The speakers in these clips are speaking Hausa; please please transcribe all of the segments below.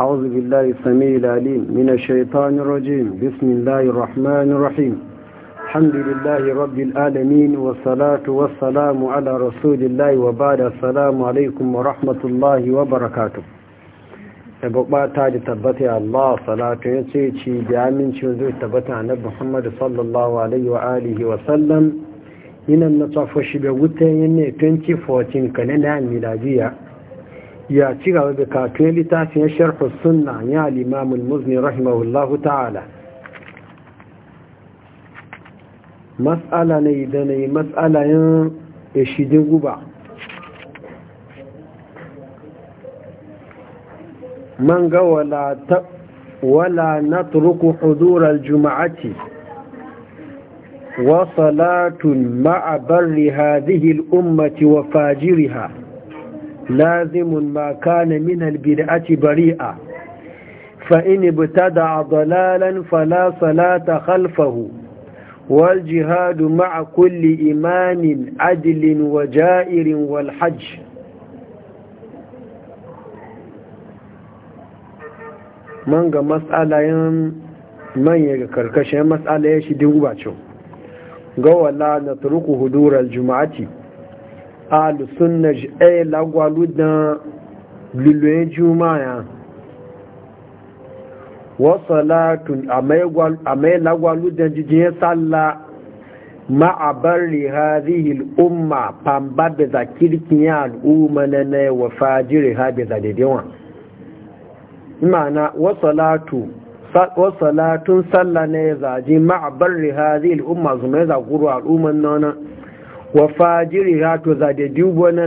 أعوذ بالله السميع العليم من الشيطان الرجيم بسم الله الرحمن الرحيم الحمد لله رب العالمين والصلاة والسلام على رسول الله وبعد السلام عليكم ورحمة الله وبركاته ba ta da tabbata Allah salatu ya ce ci da amincin zai tabbata na Muhammadu sallallahu alaihi wa alihi wa sallam na da wuta yana ne 2014 kanana miladiya ya ci gaba da katuwa littafin sharhu sunna ya al'imamun muzni rahimahullahu ta'ala matsala na yi da matsala yin ishidin guba man ga wala na turuku hudurar juma'ati وصلاة مع بر هذه wa fajiriha. lazimun ma kana min albid'ati bari'a fa in ibtada dalalan fala salata khalfahu wal jihadu ma'a kulli imanin adlin wa ja'irin wal hajj man ga karkashin matsalayen shi duba cewa ga wala na turuku hudurar juma'ati alùsùnà ẹ̀ lágbàlú dán lílo ẹjú wọ́n sọ́látùn àmẹ́ jíjìn yẹn sálà ma a bari hadhihi al'umma pamba da zakirkin ya al'umma na na wa fajiri ha da zadedewa wasalatun salla ne zaji ma a zuma nan wa fajiri hato za da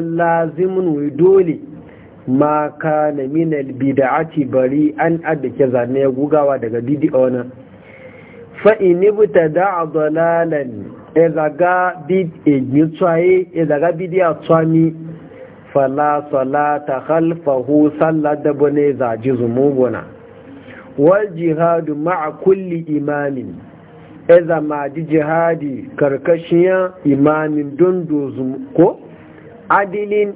lazimin dole ma ka na minal bida'ati bari an adake zane gugawa daga didi a wani fa'ini buta da a dalalan ezaga bidi'a e tsami fala salata khalfahu sallar da bane zaji zumubuna wal jihadu ma'a kulli imanin. ya zama di jihadi karkashiyan imanin dundozu ko adilin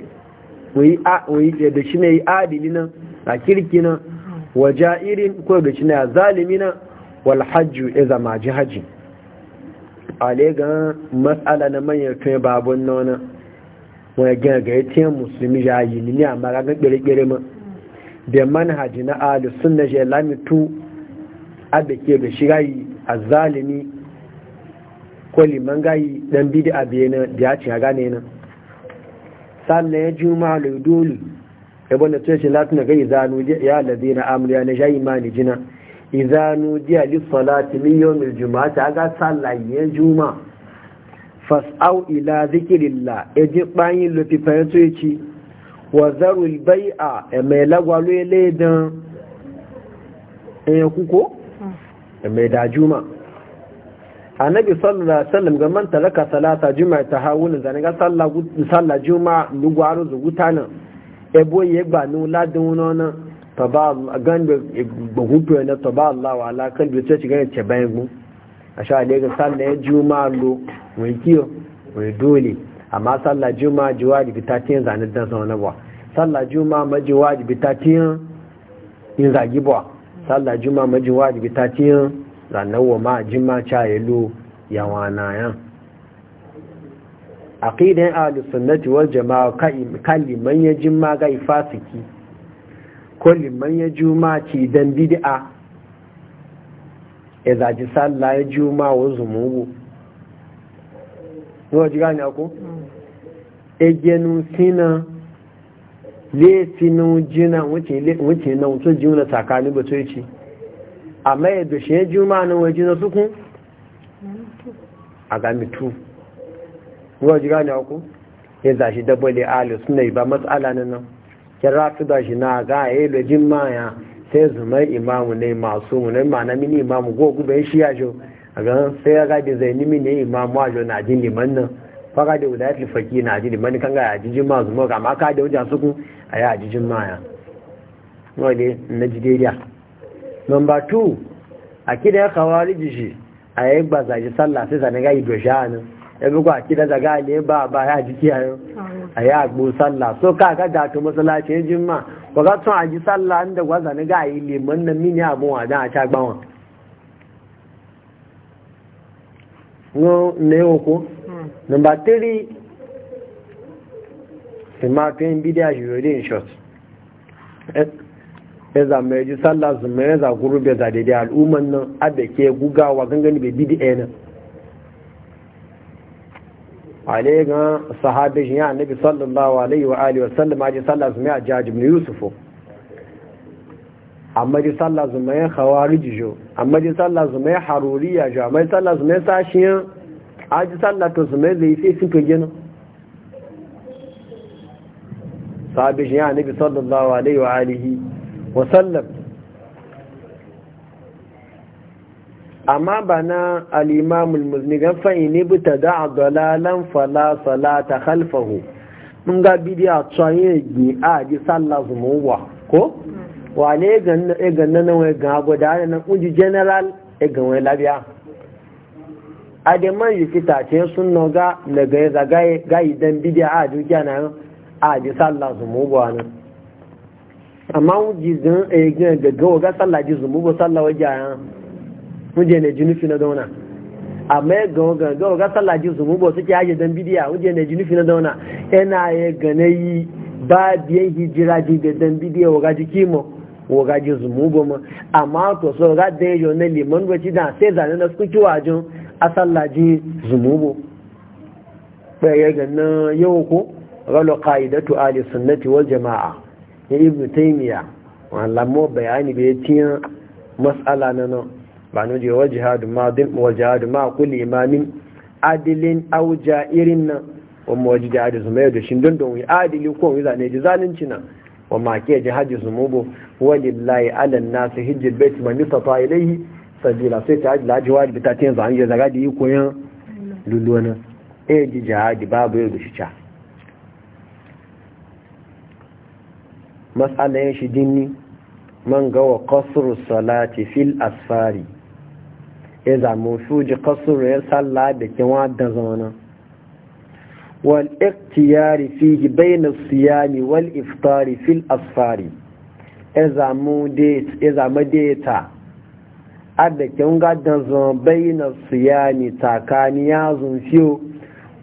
da shi ne adili nan a kirki nan wa ja'irin ko da shi ne a zalimi nan wal hajju ya zama ji haji ale ga matsala na manyan tun babun nona wani gina ga yatiyan musulmi ni ne amma ga kere ma da manhaji na alisun na jelamitu a da ke da shirayi azzalimi ko liman dan bidi a biye na da ya a gane nan sannan ya ji ma dole ya bane tuya latin da gani zanu ya lade na amuriya na shayi ma ni jina izanu diya lissalati mil juma'a ta ga sallaye juma fas'au ila zikirillah ya ji bayan lufi ya ci wa zarul a mai lagwalo ya laidan ya eh, kuko mai da juma annabi sallallahu alaihi wasallam ga man talaka salata juma'a ta hawunin zane ga sallah sallah juma'a lugwaru zuguta nan ebo ye gba nu ladun nona taba gan e gbogun e na taba Allah wa ala kan bi ce ci ga ce bayan gun asha ne ga sallah e juma'a lo wai kiyo wai dole amma sallah juma'a jiwadi bitatiyan zane dan zaune ba sallah juma'a majiwadi bitatiyan in zagi ba sallah juma maji wajibi ta tiyan ranar wa ma jima cha yalo yawana yan aqidan ahlus sunnati wal jamaa kaliman ya jima ga fasiki ko liman ya juma ci dan bid'a idza e ji sallah ya juma wa zumugu no ji gani akwai? Mm. ejenu sina laifin jina wuce na wuce jiuna tsakani ba to ce amma yadda shi ya juma na waje na suku a gami tu ruwa ji gane ku ya zashi dabali alu suna yi ba matsala na nan kira fi da shi na ga ya yi jin maya sai zumar imamu ne masu mu ne ma na mini imamu go gube shi ya jo a ganin sai ya gadi zai nimi ne imamu a jo na jin liman nan fara da wudatul faki na jin liman kan ga ya ji jin ma zumar amma ka da wajen suku a yi ajijin maya wadda na jideriya nomba 2 a kida ya kawari jishi a yi gbazaji sallah sai sanaga yi hannu ya ebe kwa kida daga ne ba ba ya jiki yayo a yi agbo sallah so ka ga dato jin ma. ba ka tun aji sallah inda gwaza ni ga yi liman nan mini abin dan a cagbawan no ne oko nomba 3 ìmáàkín bídíà yìí in short ya zama ya ji sallah zuma ya zaguru bai zade da al'umman nan adda ke gugawa gangani bai bidi nan ale ga sahabishin ya nabi sallallahu ba wa wa wasallam ya ji sallah zuma a jaji ibn Yusuf'u. amma ji sallah mai ya khawarij jo amma ji sallah zuma ya haruriya jo amma ji sallah zuma ya sashiyan a ji sallah to zuma ya zai fi fito gina sahabi shi ya nabi sallallahu alaihi wa alihi wa sallam amma bana na alimamul muzni gan fa'in ni bi ta da'a dalalan fala salata khalfahu mun ga bidiya tsaye gi a ji sallah wa ko wane ya ganna na wai ga guda na kunji general ya ga wai labiya a da man yi fita ce sun noga na ga zagaye ga idan bidiya a dukiya na a ji sallah zumu ba amma mun ji zan eh gaggawa ga sallah ji zumu ba sallah waje ya mun je ne junufi na dauna amma ya gawa gaggawa sallah ji zumu suke yaje dan bidiya mun je ne junufi na dauna yana ya gane yi ba biyan hijira ji da dan bidiya waga ji kimo waga ji zumu ma amma to so ga da yi ne liman wace da sai zane na suke wajin a sallah ji zumu ba ya ganin yau ko galo ƙa'idatu Ali sunnati wal jama'a ya ibnu taymiya wallan mo bayani bai tiyan mas'ala na nan ba no je wal jihadu ma din wal jihadu ma kulli imamin adilin aw ja'irin nan wa mawajida da zuma da shin don don adili ko wi zane ji zalunci nan wa ma ke jihadu zumubu walillahi ala an-nas hijjal bait man yastata ilayhi sabila sai ta ajila jiwa da ta tiyan zan je zaga da yi koyan lulluwa nan eh ji jihadi babu yau da shi cha matsalayen shi dinni man gawa kasuru salati fil asfari ya zamu suji kasuru ya salla da kinwa da zauna wal iktiyari fihi bayna siyami wal iftari fil asfari ya zama data adda kin gaddan zama bayna siyami tsakani yazun fiyo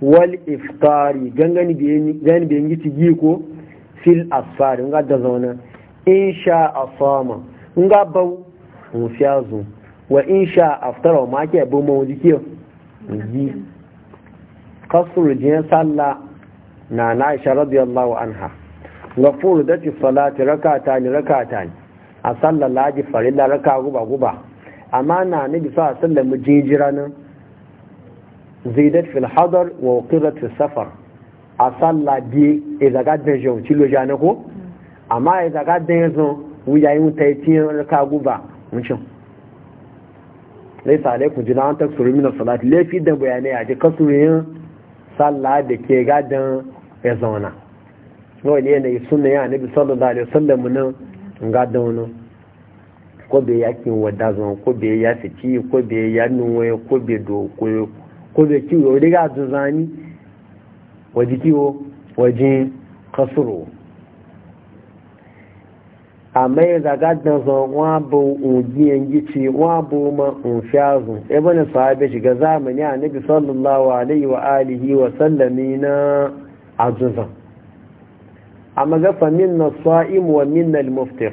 wal iftari gangani biyan gici giko fil asfari nga da zauna in sha a fama nga bau mu fiya zu wa in sha a aftara ma ke bu mu kiyo yi kasu rujiyar salla na na isha radiyallahu anha ga furu da ci salati ta ni ta ni a salla laji farilla raka guba guba amma na bi sa mu jejira nan zaidat fil hadar wa qirat fil safar a sallah biye e zaga den jau ti lo jana ko amma e zaga dan zo wuya yin ta tin ka guba mun sa laisa alaikum jina an taksuru min salati den da ne a ji kasurin sallah de ke gadan ya zauna wani yanayi suna ya nabi sallallahu alaihi wasallam ga gadan wani ko bai yakin wadda zuwa ko bai ya fiki ko bai ya nuwaye ko bai do ko bai kiwo riga zani. waje kiwo waje kasuro a mai zaga da wọn bu ujiyan gici wọn bu ma ebe na sahabe shiga zamani a nabi sallallahu alaihi wa alihi wa sallami na azuzan a magafa min na sa'im wa min na muftir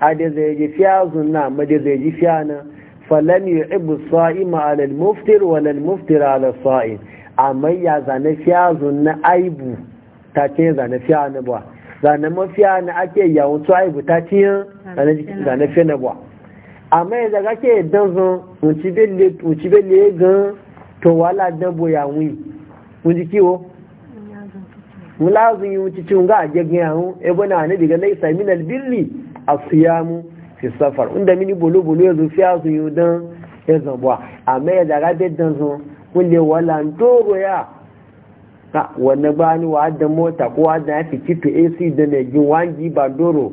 a da zai ji fiyazun na ma da zai ji fiyana falam yu'ibbu sa'ima al-muftir wa al-muftir ala sa'im amma ya zane fiya na aibu ta ce zane fiya na buwa zane mafiya na ake yawon su aibu ta ce zane fiya na buwa amma ya zaga ke dan zan wuci bele gan to wala dan mun wi wuji kiwo mulazin yi wuce cin ga ajiyar yawon ebe na ne daga laisa minal birni a siyamu fi safar inda mini bolo bolo ya zo fiya zun yi don ya zambuwa amma ya zaga bai dan kulle walantoro ya ta wani ni wa da mota ko wa da fi kitu ac da ne gin wangi ba doro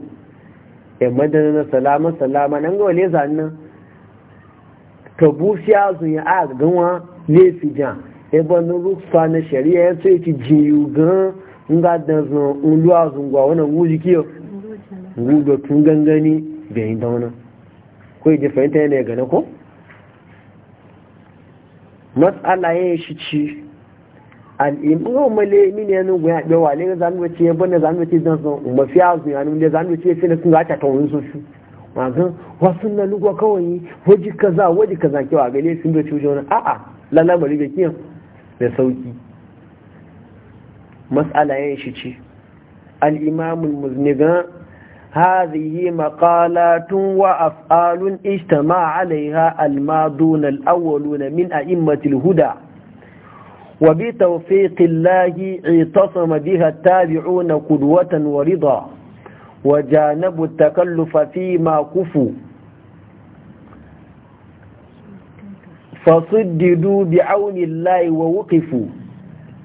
e madana na salama salama nan ga wale zannan ka bufiya su ya a ganwa ne fi jan e ba na rufa na shari'a ya sai ki jiyu gan nga da zo un luwa zungwa wani wuji kiyo da tun gangani da wani. dauna ko ya fahimta yana ya gane ko matsala ya shi ci al'imma male mini yanu gwa ɗewa ne ga zanu ce ya bane zanu ce dan sun mafiya su yanu da zanu ce sai sun ga ta tawun su su magan wasu na lugwa kawai waji kaza waji kaza wa gane sun da ciwo a a'a lalla bari da kiyan da sauki matsala ya yi shi ci al'imamun muzni muzniga هذه مقالات وأفعال اجتمع عليها الماضون الأولون من أئمة الهدى وبتوفيق الله اعتصم بها التابعون قدوة ورضا وجانبوا التكلف فيما كفوا فصددوا بعون الله ووقفوا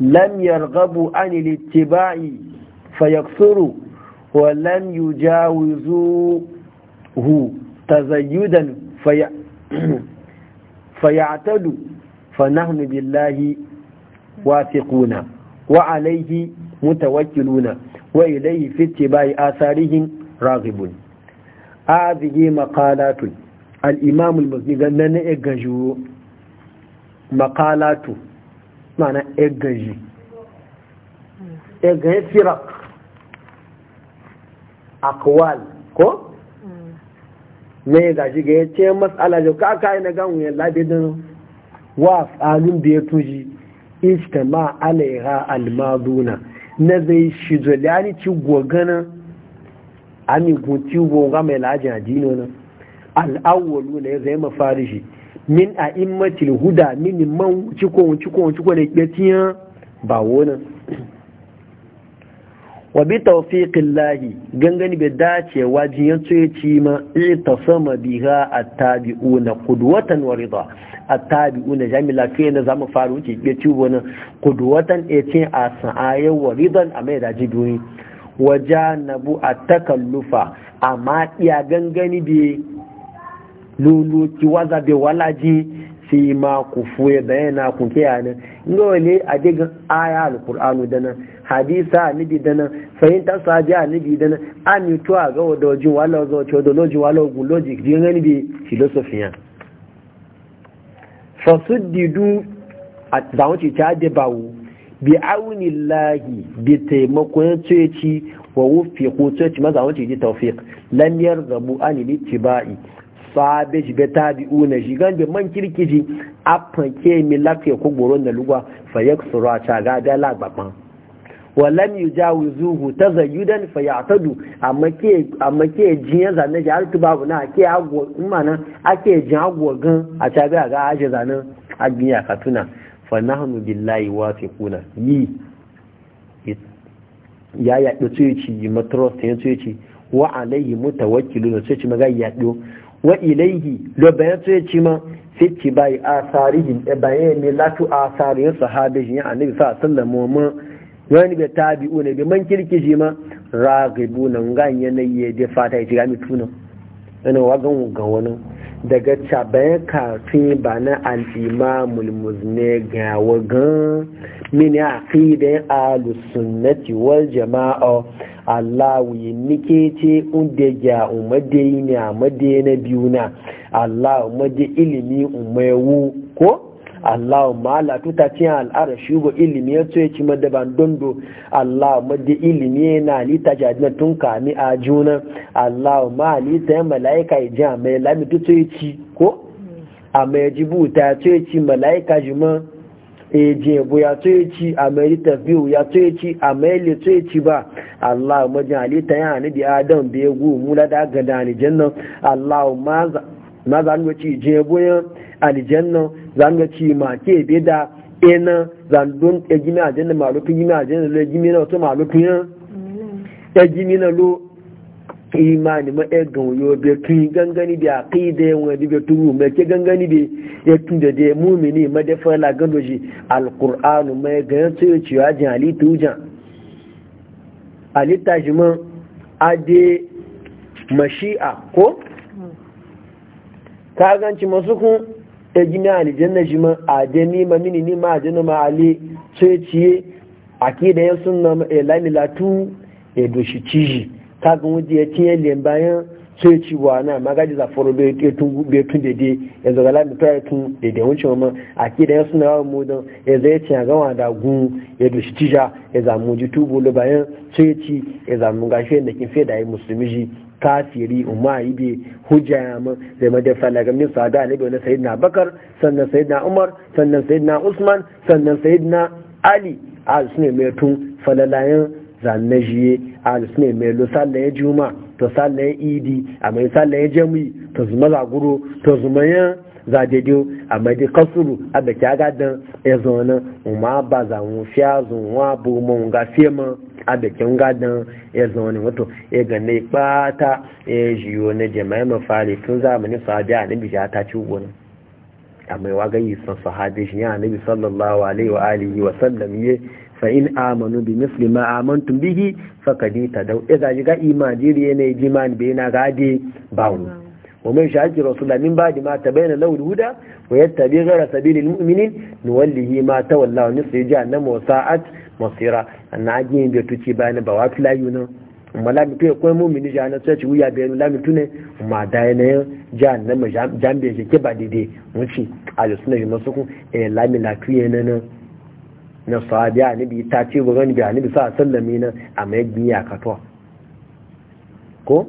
لم يرغبوا عن الاتباع فيكثروا ولم يجاوزوه تزيدا في فيعتدوا فنحن بالله واثقون وعليه متوكلون وإليه في اتباع آثارهم راغبون هذه مقالات الإمام المزيد قال لنا مقالات معنى إجاجي إجاجي فرق akwal ko ne mm. ga shi ga yace mas'ala da ka kai na gan wuyan labidin wa alun da ya tuji istama alaiha almaduna na zai shi zolani ci gogana ami gunti goga mai lajin adino na al'awwalu ne zai mafarishi min a immatil huda min man ciko ci ko ne ba na. wa bi tawfiqin lahi gangani bai dace wajen ya ci ma ita sama biha a tabi'u na kuduwatan wa rida a tabi'u na jami'a lafiya na zama faru wuce ya ci wani kuduwatan ya e ce a sa'ayen wa ridan a mai daji duni na bu a takallufa amma iya gangani bai lulu ki waza bai walaji fi ma ku fuye yana kun ke yana ne a digin aya da dana hadisa nabi dana a sahabi nabi dana an to a ga wadojin wala wazo to wadda loji wala go logic din ngani bi philosophy fa a at ta de bawo bi auni lahi bi taimakon tsoci wa wufi ko tsoci maza wace ji tawfiq lam yarzabu an littibai sahabe beta bi tabi'u na shi gan be man kirkiji afanke mi lafiya ko goron na lugwa fa yaksuru a caga da lagbaban walam yujawizuhu tazayyudan fayatadu amma ke amma ke jiyan zanne ji har babu na ke agwo mana ake jin agwo gan a tabi ga aje zanan abiya katuna fa nahnu billahi wafiquna yi ya ya yi ya tsoyici wa alaihi maga yaɗo wa ilaihi da bayan sai ci ma fitti bai asarihim e bayan ne latu asarihin sahabijin annabi sa sallama mu wani bai tabi'u ne bi man kirkiji ma ragibu nan ganyen ne ya je fata ya ci ga tunan ina wagan ga wani daga cabayan kafin ba na al'imamul mulmuzne ga wagan mini aqidan alusunnati wal jama'a Allah yi nike ce unde ga umade ne a na biyu na Allah madi ilimi umewu ko Allahumma Allah tuta ci al'arashi go ilimi ya tsoye ci madaban dondo Allahumma da ilimi na lita jadina tun kami a juna Allahumma lita ya mala'ika ya jiya mai lami tu tsoye ci ko a mai jibuta ya tsoye ci mala'ika e eji bu ya tsoye ci a mai lita biyu ya tsoye ci a mai le tsoye ci ba Allahumma jin halitta ya ni bi adam be gu mu da gada ni jannan Allahumma na zanuwa ci jeboyin aljanna zanuwa ci make beda ena zandun egimi aljanna malufi gimi aljanna lo egimi na wato malufi yan egimi na lo imani ma egan yo be tun gangani bi aqida yan bi be turu me ke gangani bi ya e tun da de mumini ma da fa la gando ji alqur'anu ma ga to ci ya jan ali tujan ali tajman ade mashi'a ko ka ganci masu kun ta e gina na shi ma a je ni ma mini ni ma aljanna ma ali sai ciye a ke da yan sunna ma e lami latu e doshi ciji ka ga wuje ya ciye liyan bayan sai ci wa na magaji za foro be tun daidai tun de e lami ya tun e daidai wuce wucin ma a ke da yan sunna wa mu don e zai ci a wa da gun ya doshi shi tija e za mu ji tubu le bayan sai ci ya zamu gashi yadda shi da kin fe da ya musulmi ji tasiri umma yi bi hujja ya mu zai ma da falaga min sada ne sayid na bakar sannan sayid na umar sannan sayid na usman sannan sayid na ali a su ne mai tun falalayen jiye a su ne mai lo sallaye juma to sallaye idi a mai ya jami to zuma zaguro to zuma ya za a mai dai kasuru a da kya dan ya zo nan umma ba za mu fiya zuwa bu mun ga fiye mun abekin gadon ya zaune wato ya gane ba ta ya jiyo na jama'i mafari tun zamanin sahabi a nabi ya ta ci wani a mai waga wagayi san sahabi shi ya nabi sallallahu alaihi wa alihi wa sallam ya fa in amanu bi misli ma amantum bihi fakadi tadaw idza jiga imajiri ne jiman bai na gade bawo ومن شاهد رسول من بعد ما تبين له الهدى ويتبع غير سبيل المؤمنين نوله ما تولى ونصر جهنم وساءت masira na ajiyin da tuci bayan ba fi layu la amma lami tuye kawai mummi ni jana sai ci wuya la lami tune ma da ne jan na ma jambe ke ke ba dide wuce a da suna yi masu E eh lami na tuye na nan na sahabi ani bi ta ce ba gani Ani bi sa sallame na a mai gbiya katuwa ko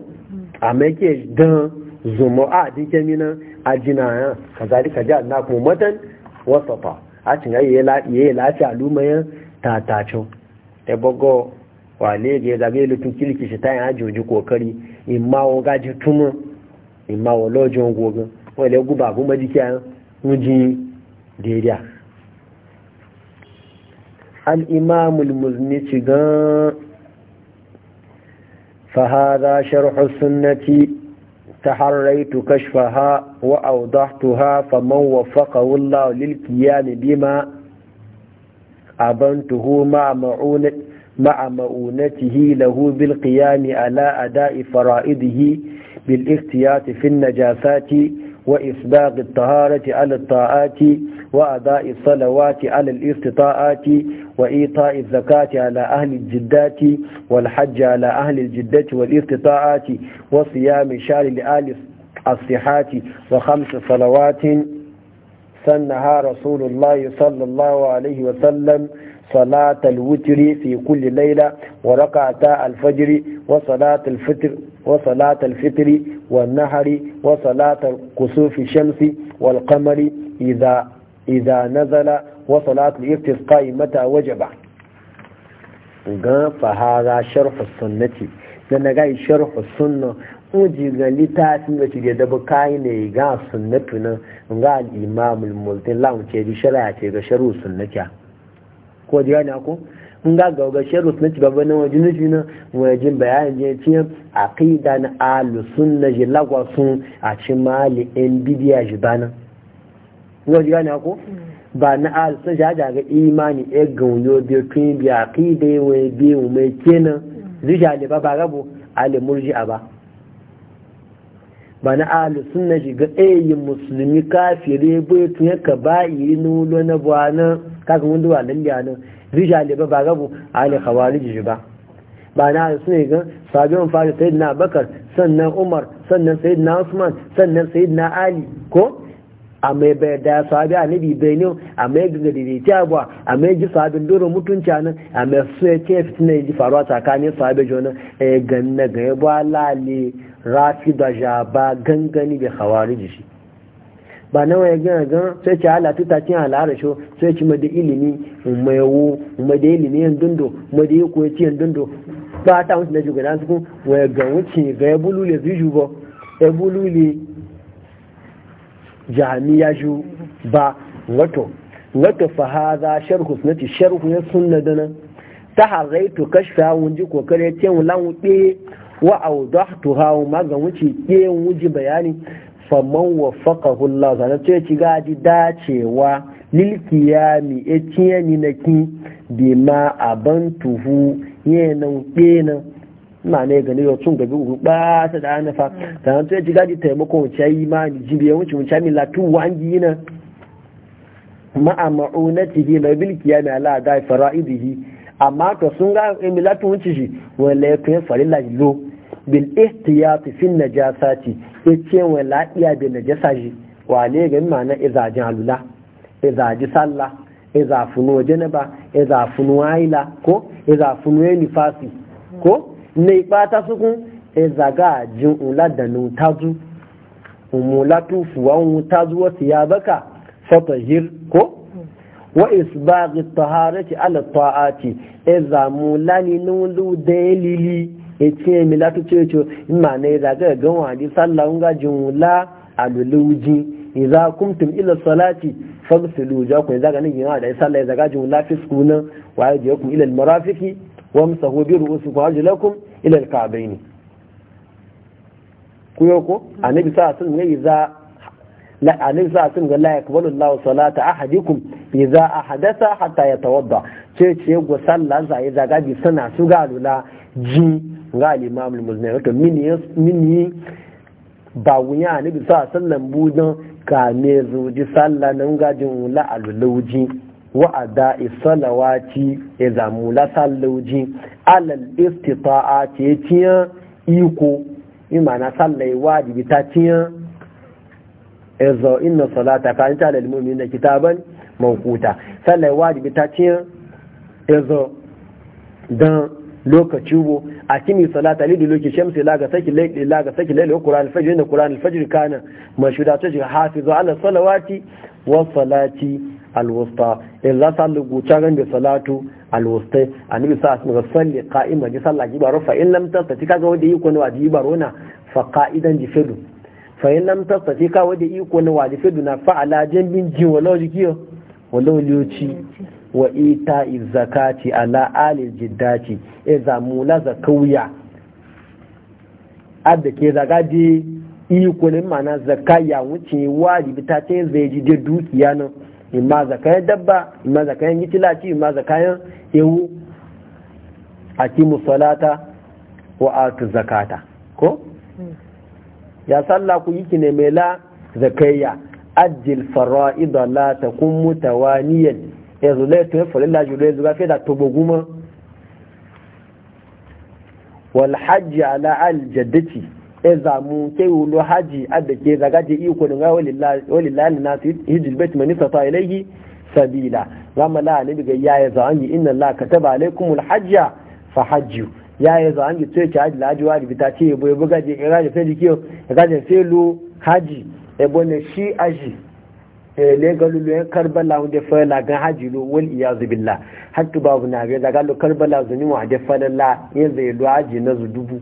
a mai ke dan zuma a dike na a ka kazalika ja na kuma matan wasafa a cin yayi lafiya ta tatacin ta bago wa ne ga zagaye lutun kilki shi ta yi hajji kokari in ma wo gaji tumu in ma wo lojo gogo wani le guba abu majiki a nuji daidai al imamu muzni ci gan fahada sharhu sunnati taharraitu kashfaha wa awdahtuha faman wa faqa wallahu lil qiyam bima أبنته مع معونة مع مؤونته له بالقيام على أداء فرائضه بالاختيات في النجاسات وإسباغ الطهارة على الطاعات وأداء الصلوات على الاستطاعات وإيطاء الزكاة على أهل الجدات والحج على أهل الجدة والاستطاعات وصيام شهر لآل الصحات وخمس صلوات sannaha rasulullahi sallallahu alaihi wasallam صلاة الوتر في كل ليلة وركعتا الفجر وصلاة الفطر وصلاة الفطر والنهر وصلاة كسوف الشمس والقمر إذا إذا نزل وصلاة الاستسقاء متى وجب فهذا شرف السنة da na gai sharhu sunna uji ga littafin da shi da bukai ne ga sunna tunan ga al-imam al-multin lamu ce di shari'a ce ga sharhu kya ko ji gane ko in ga ga ga sharhu sunnati babban nan wajen nufi nan wajen bayanin je cikin aqida na ahlus sunna ji lagwa sun a ci mali in bidiya ji bana ko ji gane ko ba na ahlus sunna ji ga imani e gunyo bi tun bi aqida e wai bi mai kenan rijali ba ba rabu alimurji a ba bana ahalu sunna shiga tsayayin musulmi kafire bai tun ya ka bayi nulo na na kakan wanda wa lalliya na rijali ba ba rabu ahalu khawariji shi ba ba na da suna gan sabiyon fari sayid na bakar sannan umar sannan sayid na usman sannan sayid na ali ko amma bai da sabi a nabi bai ne a amma ya gaga daidaiti abuwa a mai ji sahabin doro mutunci nan a mai ya ce fitina ya ji faruwa tsakanin sahabi jona ya e, ganna ga ya ba lale rafi da ja ba gangani bai hawari da shi ba na waya gina gan sai ce ala ta tuta cin al'ara sho sai ci mada ilimi mai wo mada ilimi yan dundo mada yi koya ci yan dundo ba ta wuce na jugana su kun waya ga wuce ga ya bulule zuju ba ya bulule jami'a ju ba wato wato fa sharhu sharhu ce sharhu ya sunna dana ta hazaitu kashfa wunji kokare ce wulan wuɗe wa awdahtuha ma ga wuce ke wuji bayani faman hula Allah sana ce ci gaji dacewa lil e na ki bi ma abantuhu ɗe kenan ma ne gani yau tun gabi uku ba ta da taimako ta hantu ya ji gaji wuce yi ma jibiya wuce wuce min latu wangi yi na ma'a ma'unatihi mai bilki ya mai ala da fara'idihi amma ka sun ga mi latu wuce shi wala ya kuyen farilla lo bil ihtiyati fi najasati yace wala laiya bi najasa shi ne ga ma na izajin alula izaji sallah izafunu janaba izafunu aila ko izafunu nifasi ko na ta sukun ezaga jin ula da nutazu umulatu fuwa nutazu wasu ya baka fatahir ko wa isbaghi taharati ala ta'ati eza mulani nulu delili eti mi latu checho ma ne daga e gan wa di sallahu ga jumla aluluji idza kumtum ila salati faghsilu jakum daga e ne yana da sallah daga e jumla fi sukuna wa yajikum ila almarafiqi wamsahu bi ru'usikum wa arjulakum ila alka'bayn kuyo ko anabi sa sun ne za la annabi sa sun ga la yakbalu Allah salata ahadikum idza ahadatha hatta yatawadda ce ce go sallah za ya zaga bi sana su ga lula ji ga al-imam al-muzni to mini mini ba wuya anabi sa sallan budan ka ne zuji sallah nan gajin la alulawji wa'ada isalawati ya zamu lasalloji alal istita'a ce tiya iko imana sallai wajibi ta tiya ezo inna salata ta lil mu'minina kitaban mawquta sallai wajibi lokaci bo a kimi salata lidi loki shamsi la ga saki laili la ga saki laili qur'an fajr inna qur'an al-fajr kana mashuda ta ji hafizu ala salawati wa salati alwusta illa sallu guca gan da salatu alwusta annabi sa sun ga salli qa'ima ji sallah ji baro fa in lam tastati kaga wanda yi ko ne wajibi baro na fa qa'idan ji fedu fa in lam tastati ka wanda yi ko ne wajibi fedu na fa ala jambin ji wala jikiyo wala liyoci wa ita zakati ala alil jiddati e zamula zakawiya adda ke zagaji ikonin mana zakaya wuce wajibi ta ce zai ji dukiya nan imma zakayen dabba imma zakayen gitilaci imma zakayen ewu a kimu salata wa atu zakata ko ya salla ku yi ki neme la zakayya ajil fara'ida la mutawa niyan ya zule to la jure zuwa fi da toboguma wal hajji ala al e zamu ke wulo haji adda ke zaga je iko din ga walillahi nasu hijil bait man istata ilayhi sabila gama la nabi ga ya za an yi inna allaha kataba alaikumul hajja fa hajju ya yi an ji haji laji wa ribita ce yabo yabo gaji ya gaji fe jikiyo ya gaji fe haji yabo ne shi aji e, le ga lu le karbala wanda fa la ga haji lo wal iyaz billah hatta babu na ga ga lo karbala zuni wa da fa la ya zai haji na zu dubu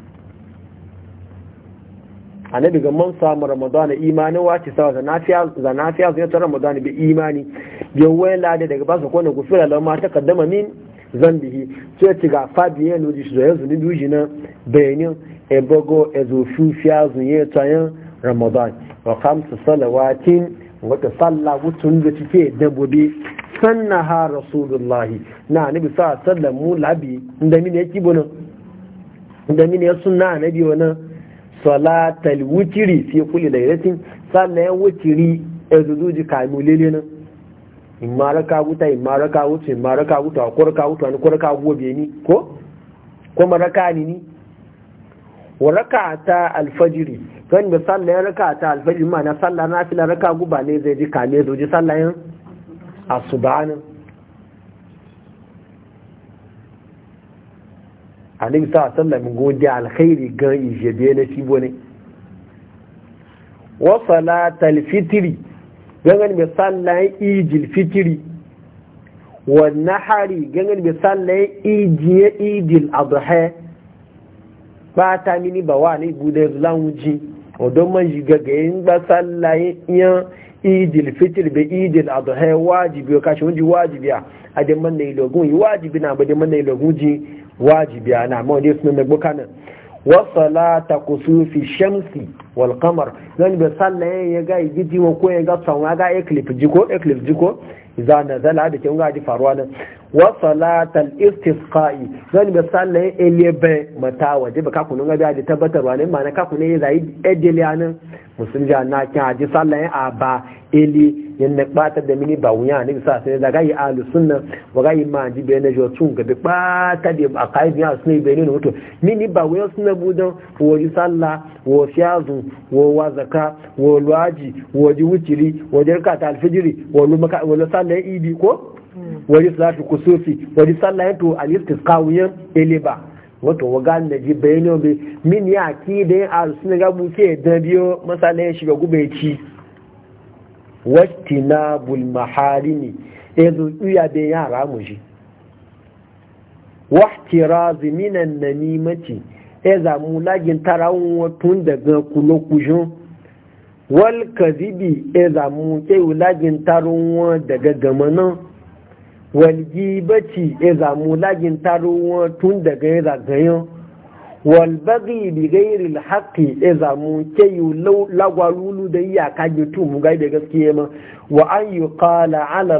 annabi ga mun samu ramadana imani ci sawa za nafiya zai ta ramadana bi imani yan wela da daga basa kone gufira lau ma ta kaddama min zambihi so ya ci ga fabi ya nuji shi zoyen zuni duji na bayanin ebogo ezofi fiya ta tsayin ramadana wa kamsu salawatin wata salla wutun da cike sanna ha rasulullahi na annabi sa sallamu labi inda mini ya kibo inda mini ya sunna annabi wannan salatal wutiri fi kulli lailatin sallan ya wutiri ezuduji kamu lele nan imara ka wuta imara ka wuta imara ka wuta ko ka wuta ni ko ka gobe ni ko ko maraka ni ni wa rakata alfajiri kan da sallan rakata alfajiri ma na na nafila raka guba ne zai ji kame zuji sallan asubhanan annabi sa sallam gode alkhairi ga ijebe na cibo ne wa salatal fitri gangan mai sallayen ijil fitri wa nahari gangan mai sallayen ijiye ijil adha ba ta mini ba wa ne gudan lanwuji odon man shiga ga yin ba sallayen yan idil fitil be idil adha wajibi ka shi wunji wajibiya a de man ne logun yi wajibi na ba de man ne logun ji wajibiya na mo de sun me gbokan wa salata kusufi shamsi wal qamar nan be sallaye ya ga gidi wa ko ya ga wa ga eclipse jiko eclipse jiko za na zala da kin ga ji faruwa nan wa salatal istisqa'i zan be sallaye be mata ba ka kunun ga da tabbatarwa ne ma na ka kunun e ya zai edelianin musulmi ja na kin aji sallayen a ba ili yin na kpatar da mini ba wuya ne bisa sai da gayi alu sunna wa gayi ma ji bene jo tun ga bi kpatar da a kai biya sunna bene ne mutu mini ba wuya sunna budan wo ji salla wo fiyazu wo wazaka wo luwaji wo ji wuciri wo jirka ta alfijiri wo lu maka wo sallayen idi ko hmm. wani salatu kusufi wani sallayen to alistis wuya ele ba wato wagan da ji bayani bi min ya ki da yin arzu suna gabu ke da biyo masana ya shiga gube ci wasti na ne ya zo tsuya da yara mu shi wasti razi minan na nimaci ya zamu lagin tarawun watun daga kulo wal kazibi ya zamu ke lagin tarawun daga gamanan Walgi walgibati ya zamu lagin taruwa tun daga ya zagayen walbagi bi gairi haƙƙi ya zamu ke yi lagwalulu da iyaka gitu mu gai da gaskiya ma wa an yi kala ala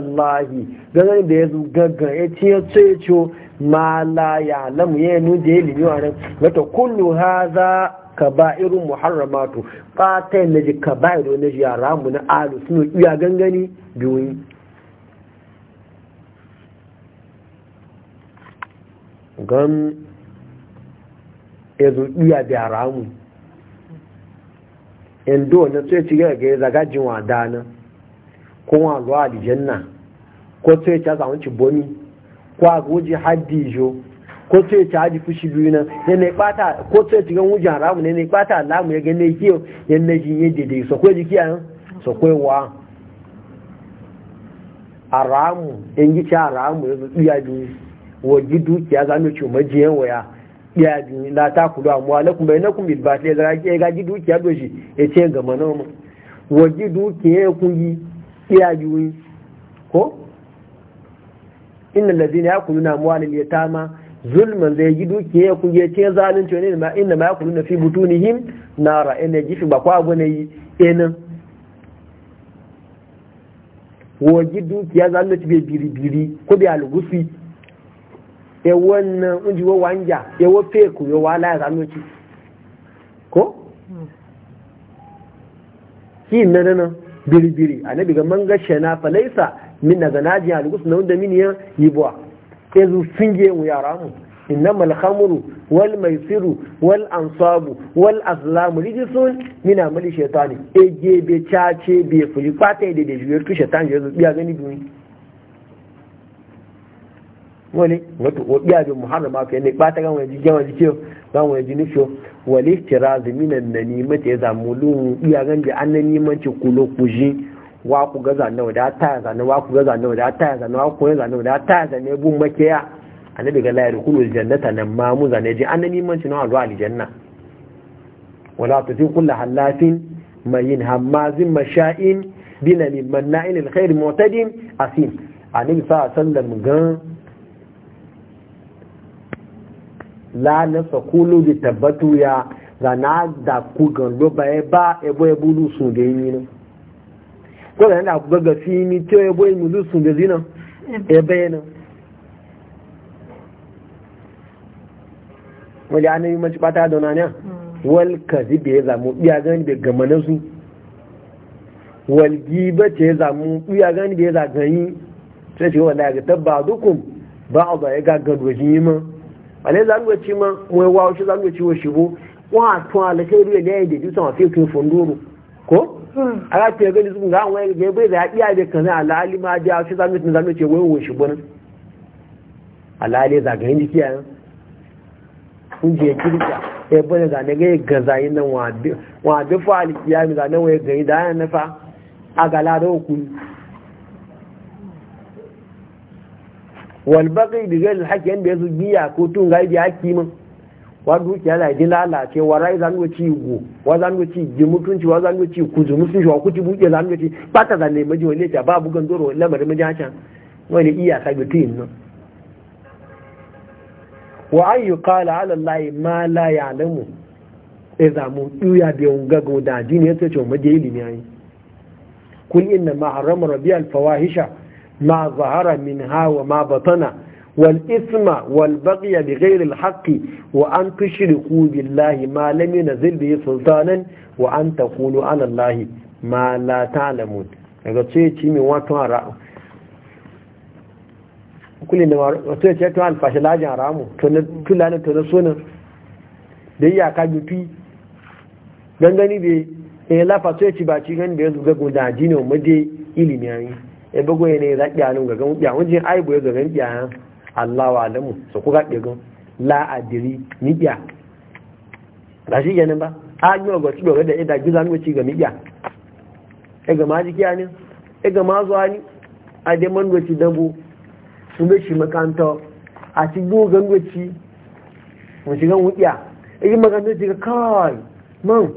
da ya zo gaggan ya ce ya ce ma la ya lamu ya yi da ya nan wata kullu haza kaba'irun muharramatu fatan naji kaba'iru ji yara mu na alu suna iya gangani biyu gan ezu iya da ramu endo na sai ci ga ga zaga jinwa dana ko wa zuwa aljanna ko sai ta boni ko a goji haddijo ko sai ta ji fushi biyu na ne ne ko ga wujan ramu ne ne ya ga na kiyo yan ne jin yadda dai so ko ji kiyan wa aramu en iya waji dukiya za mu ce majiyan waya ya ji la ta kudu bai na bainakum bil ba da zara ga ji dukiya shi ya ce ga manoma mu waji dukiya ku yi ya yi ko innal ladina yakuluna amwalal yatama zulman zai yi dukiya ku ya ce zalunci ne ma inna ma yakuluna fi butunihim nara ina gifi ba kwa ne yi enan waji dukiya zalunci bai biri biri ko bai algusi yawon nan unjiwa wanja yawo feku yawo ala ya zanoci ko? Hmm. ki na nan biribiri a na ga manga shana falaisa min na ganaji a lugus na wanda min ya yi buwa ya zu finge mu yara mu inna malhamuru wal maisiru wal ansabu wal azlamu rijisun min amali shaitani ege be cace be fuli kwata da da juyar tu shaitan ya biya gani duniya wani wato obiya bin muharrama ka ne ba ta gan wani gan wani kiyo gan wani jini fiyo wali tirazi minan na nima ta ya zamu iya gan da an nima ce kulo kuji wa ku ga zanna da ta ya waku wa ku ga zanna da ta ya zanna wa ku ga zanna da ta ya zanna bun makiya na daga layar yarkulu jannata nan ma mu ji an nima na alwa aljanna wala tuti halafin masha'in bina gan la na sakulu di tabbatu ya zana da ku gando ba ya ba e bulu e e su da e yi no ko da na ku ga fi ni te ebo ebo su da zina ebe nan wani an yi pata do na nanya wal kazibi ya zamu biya gani da gamana su wal gibata ya zamu iya gani da ya zagayi sai ce wallahi ga tabba dukum ba'da ya ga gaggadwa jima ale za nwe ma mwe wa o za nwe ci wo shibu wa to ale ke ri de de fi kun funduru ko hmm. ala te ga ni zunga wa ga be da iya de kan ala alima da o za nwe za nwe ci wo wo shibu nan ala ale za ga ni kiya kun je kirka e bane da ne ga ga zai nan wa wa bi fa alkiyami da nan wa walbaƙi da gairin haƙƙi yadda ya biya ko tun ga ibi haƙƙi min wadda dukiya yana yi lalace wa rai zan ci go wa zan ci ji mutunci wa zan ci kuzu mutunci wa kuti buke zan ci ba ta zan nemi jiwa ba bugan zoro lamarin maji jacha wani iya tuyin nan wa an yi kala ala ma la ya lamu sai e zamu duya da yawon gaggawa da addini ya ce wa maji ilimi ayi kul inna ma harrama rabbiyal fawahisha ما ظهر منها وما بطن والإثم والبغي بغير الحق وأن تشركوا بالله ما لم ينزل به سلطانا وأن تقولوا على الله ما لا تعلمون daga ce ci mai wato a ra'a kullum da wato ya ce ta alfashi lajin a ramu tulanin tuna sunan da yi yaka jufi don bai ya lafa so ya ci ba ci gani da ya zuga gudaji ne wa made ilimi yayin ya bago ne za ƙiya nun gagan ƙiya wajen aibu ya gagan ƙiya Allah wa alamu su ku ga ƙiya la adiri ni ƙiya ba shi ganin ba a yi wa gwasi dogar da ita gizo nuna ci ga mi ƙiya ya e gama ji ƙiya ne ya gama zuwa ni a dai man gwaci dabu su bai shi makanta a ci gan gwaci mu shi gan wuƙiya ya e yi makanta ci ga kawai man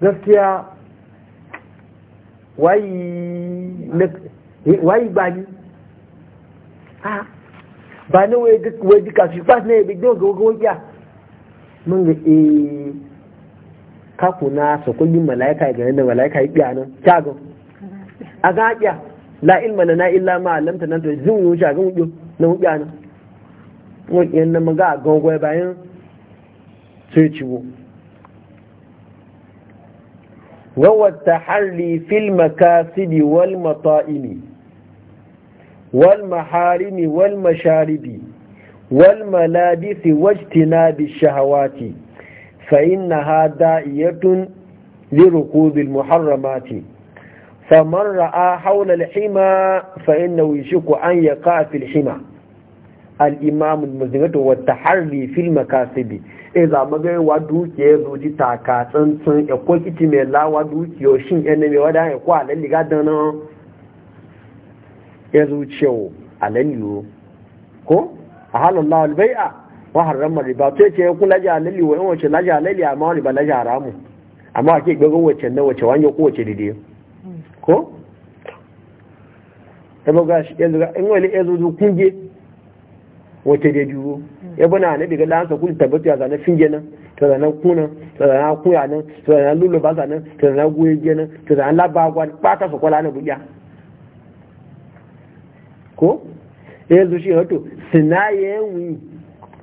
gaskiya wayi wáyé gbani, ní ba ni wai duka su pas ne bi don go ya mun ga e eh, kuna so ko yin malaika ga nan malaika yi biya nan kyago a ga ya la ilma lana illa ma lamta nan to zun yi mu wuɗo na wuɗa nan mun yin nan maga gongo bayan sai ciwo wa wa taharri fil makasidi wal mata'imi والمحارم والمشارب والملابس واجتناب الشهوات فإنها دائية لركوب المحرمات فمن رأى حول الحمى فإنه يشك أن يقع في الحمى الإمام المزنة والتحري في المكاسب إذا ما جاء ودوك يزوج تاكاتن يقول كتمي الله ودوك يوشين أنمي ودا يقول على اللي قادنا ya zuciyo alaliyo ko a halin lawal bai'a wa harramar riba to ce ya ku laji alali wa in wace laji alali amma wani ba laji haramu amma ake gaggan wacce na wace wani ko wace daidai ko ta buga shi yanzu in wani ya zuzu kunge wace da duro ya bana na daga lansa kun tabbata ya zana finge nan ta zana kuna ta na, kuya nan ta zana lullu ba nan ta zana goye nan ta zana labagwa ba ta sakwala na buya ko yanzu shi hato sinaye wi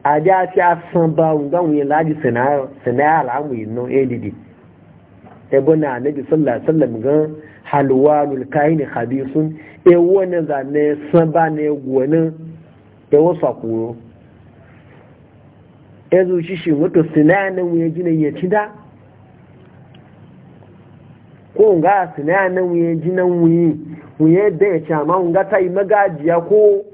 a da ta san ba wun ga wun ladi sinaye sinaye alamu yin non edidi ebo na nabi sallallahu alaihi wasallam ga halwanul kahin khabisun e wona za ne san ba ne gona e wasa shi shi wato sinaye nan wun jina ya cida ko ga sinaye nan wun jina wun ku yadda ya ce amma ga ta yi magajiya ko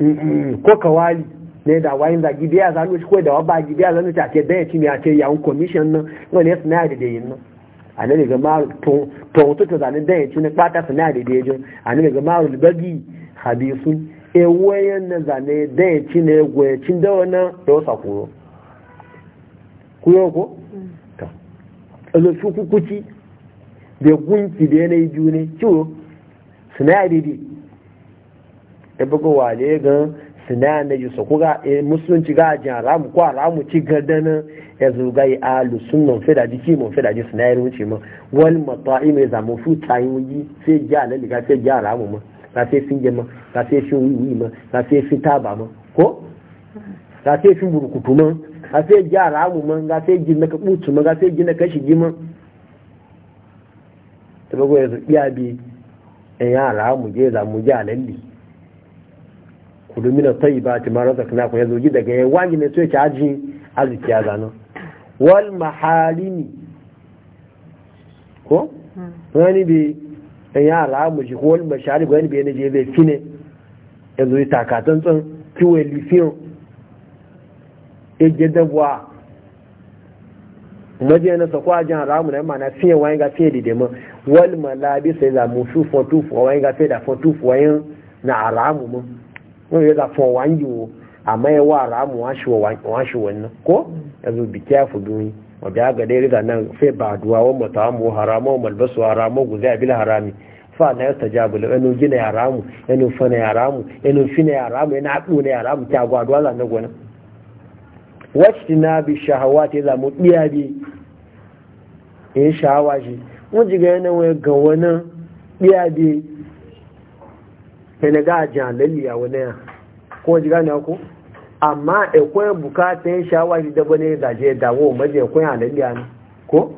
mm, mm, ko kawali ne da wayin da gidiya za shi ko da wabba gidiya za ta ce dan ya ci ne a ce yawun commission nan wani ya sana da yin nan a nan daga ma to to to zane dan ya ci ne kwata sana da da yin a nan daga ma rubagi? habisu e wayan na zane dan ya ci ne gwayacin da wannan da e wasa kuro kuyo ko mm. ta azu kukuci da gunki da yanayi june ciwo suna daidai buga wale gan suna na yi so kuga eh, musulunci ga ajiyar alamu ko alamu ci gadana ya zuga yi alu sun nan fida ji ki mun fida ji suna yi wuce ma wani mata'i mai zamu su tayi wuyi sai ji alali ga sai ji alamu ma ga sai sun gema ga sai sun wuyi ma ga sai sun taba ma ko ga sai sun burkutu ma ga sai ji alamu ma ga sai ji na ka butu ma ga sai ji na ka shigi ma ta bago ya zuɓi abi in ya alamu je za mu ji alalli kudu mina tayi ba ti mara zaka na ya zoji daga ya wani ne tuya caji arziki ya zano wal mahalini ko hmm. wani bi in ya alamu ji ko wal mashari wani bi yana je zai fine ya zoji takatantsan kiwon lifiyon ya e je dabuwa maje na sako ajin haramu na na fiye wayan ga fiye dide ma wal malabi sai za mu su fo tu fo wayan ga fiye da fo tu fo wayan na aramu ma wani ya za fo wayan yi wo amma ya wa haramu wa shi wannan ko ya zo bi kyafu duni wa biya ga dai riga nan fiye ba duwa wa mutamu haramu wa malbasu haramu guza ya bila harami fa na yasta jabula yanu gina ya haramu yanu fana ya enu yanu na ya haramu yanu haɗu na ya haramu kya gwaduwa za na gwanin wacce na bi shahawa ta zamu ɗiya bi in eh, shahawa shi jiga yana wani ga wani ɗiya bi yana ga jan lalliya wani ya ko jiga ne ko amma akwai bukatun shahawa shi da je dawo ne ko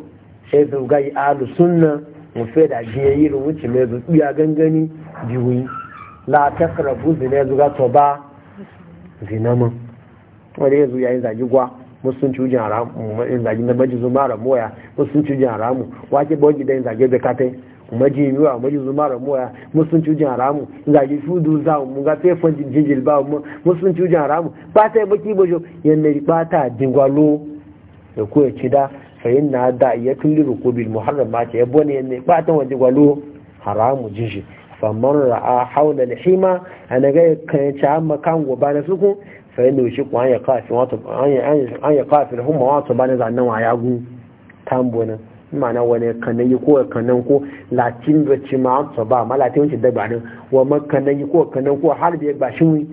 sai su ga alu da yi rubuci mai zuciya gangani biyu la takrabu zina zuga to ba wanda ya zo yayin zagi gwa musulunci ujin haramu in zagi na maji zuma moya musulunci cujin haramu wake ba wajen da yin zage bai katai maji miwa maji zuma ramuwa musulunci ujin haramu zagi fudu za mu ga fefon jinjil ba mu musulunci ujin haramu ba ta yi baki bajo yanda ba ta dingwalo da koya cida fayin na da iya kulli rukubil muharram ma ce yabo ne ba ta gwalo haramu ra'a haula lihima ga kan ci fa'in da wuce ku an ya kafin hun ma ba na zanen wa mana wani kanan yi ko kanan ko latin da ci ma ba ma latin wuce daba wa ma ko kanan ko har ya ba shi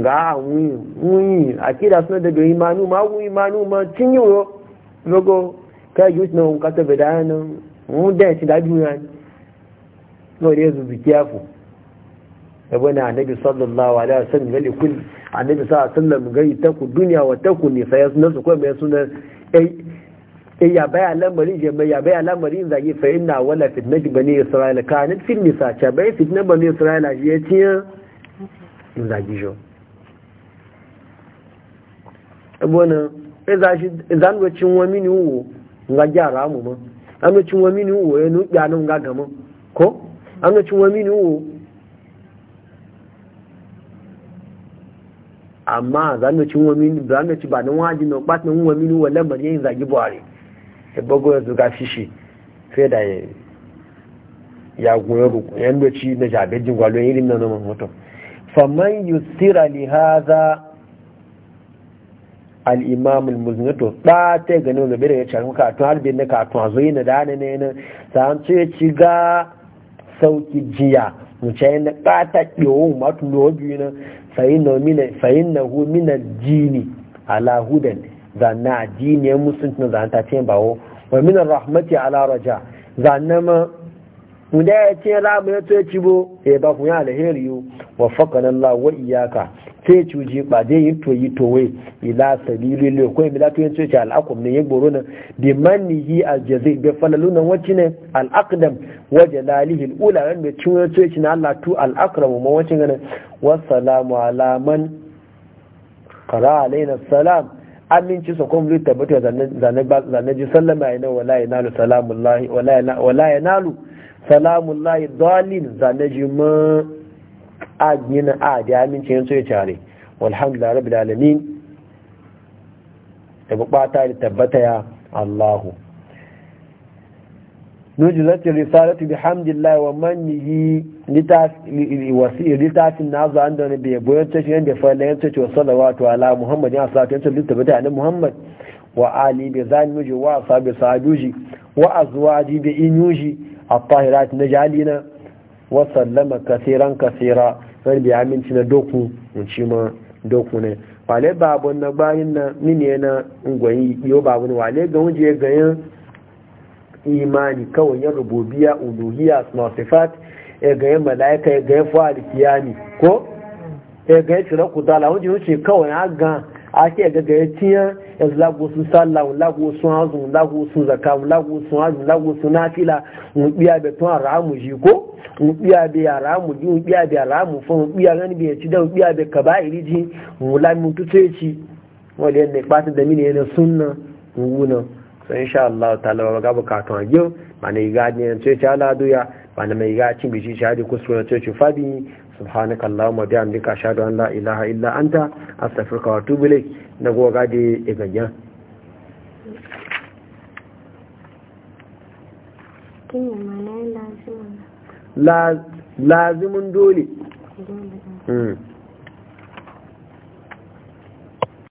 ga a kira suna daga yi manu ma wuyi manu na hunkata ya ci da biyu ile ya zubi yabo na annabi sallallahu alaihi wasallam gali kul annabi sallallahu alaihi wasallam gai ta ku duniya wa ta ku ne sai sunan su ko mai sunan ai ya baya lamarin je mai ya baya lamarin zage fa inna wala fitnati bani isra'ila kanat fil nisa cha bai fitna bani isra'ila je tiya in zage jo abona ya nan ga amma za mu ci wani za mu ci ba nan waji na kwatin wani ne wallan bari yin zagi buhari sai e bago ya zuga fishi sai da ya ya goyo ruku yan doci na jabejin gwalo irin nan nan hoto faman yusira li hadha al imam al muzni ba ta ta ganin da bere ya ci muka to halbe na ka to azoyi na da ne ne sai an ce ci ga sauki jiya mace yana ƙata ɗewo matu da wabi na fahim na hu mina jini ala hudan zanna a jiniyar musulunci na zanta ce ba wa minan rahmati ala raja zanna ma wanda ya ce ramu ya to ya bo ya ba ku yi alheri wa faƙanan la wa iyaka sai cuji ɓade yi zai yi toyi wai ila sabili ne ko mi lati yin cuci al'akum ne ya goro nan bi mannihi aljazil bi falalu nan wacce ne al'aqdam wa jalalihi al'ula ran mai cin wani cuci na Allah tu al'akramu ma wacce ganin wassalamu ala man qara alaina salam aminci su kuma tabbata zane ji sallama ya nan wala ya nalu salamullahi wala ya nalu salamullahi dalil zane ji ma agbina a da yamince yin soya cari walhamdulillah rabbi lalamin da bukata da tabbata ya allahu nuji zai tiri salatu bi hamdulillah wa manni yi littafin na zuwa an dauna bai goyon cece yan da fayar da yan cece wa salawa to ala muhammadin a salatu yan cece tabbata yanin muhammad wa ali bai za ni nuji wa sabi sa'aduji wa azuwa ji bai in yuji a fahirat na jalina wa sallama kasiran kasira wani biya minti na doku mun ci ma doku ne wale babu na bayin na mini na ngwayi yo babu ne wale ga wuje ganyen imani kawai ya rububiya uluhiya asma sifat e ganyen malaika e ganyen fa'al kiyami ko e ganyen tsira kudala wuje wuce kawai aga ake gaga ya tiya ya lagu sun sallah mu lagu sun hazu lagu sun zaka mu lagu sun hazu lagu sun nafila mu biya da tun ara mu ji ko mu biya da ara mu ji mu biya da ara mu fa mu biya gani biya ci da mu biya da kaba'iri ji mu la mu tuce ci wani yadda ba ta da mini yana sunna mu wuna so insha Allah ta'ala ba ga bukatun a yau ba ne ga ne ce ta laduya ba ne mai ga cin bishi shahadi kusurwa ce ci fadi subhanaka allahumma bihamdika ashhadu an la ilaha illa anta astaghfiruka wa atubu ilayk nago gade e ganyan lazimin dole